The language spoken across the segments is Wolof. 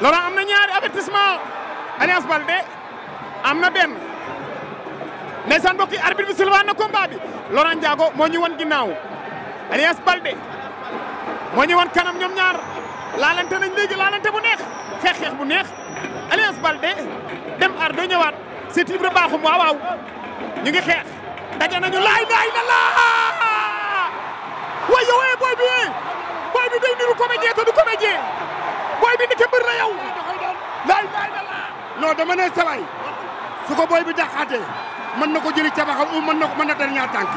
Laurent am na ñaari avertissement Alliance Baldé am na benn ndeysaan mbokk yi arbitre bi silvaan na combat bi Laurent Ndiago moo ñu wan ginnaaw Alliance Baldé moo ñu wan kanam ñoom ñaar laalante nañ léegi laalante bu neex xeex xeex bu neex Alliance Baldé dem ar do ñëwaat c'est Ibra Bakhoum waaw waaw ngi xeex daje nañu laay laay la laa non dama ne saway su ko booy bi dàqaatee mën na ko jëli cabaxam ou mën na ko mën na dal ñaar tànk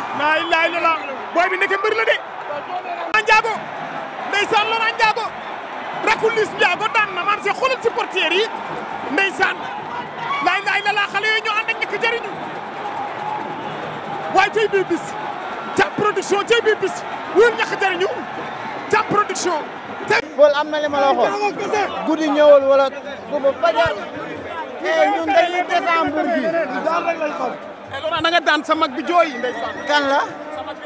la ilaha booy bi ndeke mbër la de Laurent Ndiago ndeysaan Laurent Ndiago rakku Liss Ndiago daan na man c'est xoolal supporters yi ndeysaan la ilaha illallah xale yooyu ñoo ànd ak ñàkk jëriñu waaye cay bii bis jàpp production cay bii bis wul ñàkk jëriñu production bool am na li ma la waxoon guddi ñëwul eh ñun dañuy décembre bi. daan rek lañ sa mag bi jooy ndeysaan. kan la.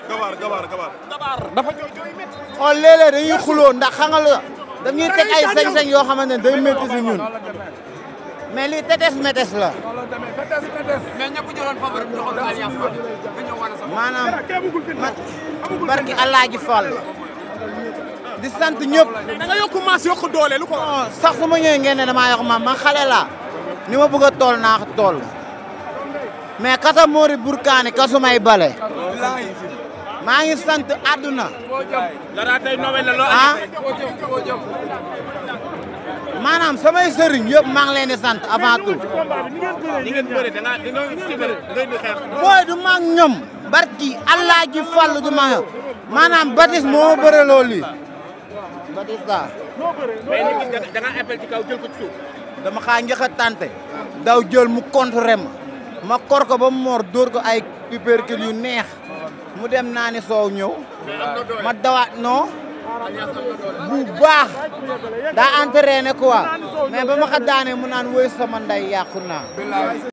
gabaar gabaar gabaar. gabaar dafa jooy jooy métti. xool oh, léeg-léeg ndax xangal la dañuy ay sañ-sañ yoo xamante ne day métti si ñun. mais lii tetes metes la. mais ñëpp jëloon favori bi joxoon alliance ba nga ñëw di sant ñëpp. da yokk maas yokk doole lu ko. non sax su ma ñëwee ngeen yokk maas man xale laa. ni ma bëgg a tool naax tool mais kasa moori burkaani kasumay bale maa ngi sant àdduna ah maanaam samay sëriñ yëpp maa ngi leen sant avant tout booy du mag ñoom barki allah ji du mag maanaam batis moo bëre loolu ci kaw jël ko dama xaa njëkk a tante daw jël mu contre ma ma kor ko ba mu moor dóor ko ay uppercut yu neex mu dem naa ni soow ñëw ma dawaat non bu baax daa entraîné quoi mais ba ma xa daane mu naan woy sama nday yàqu naa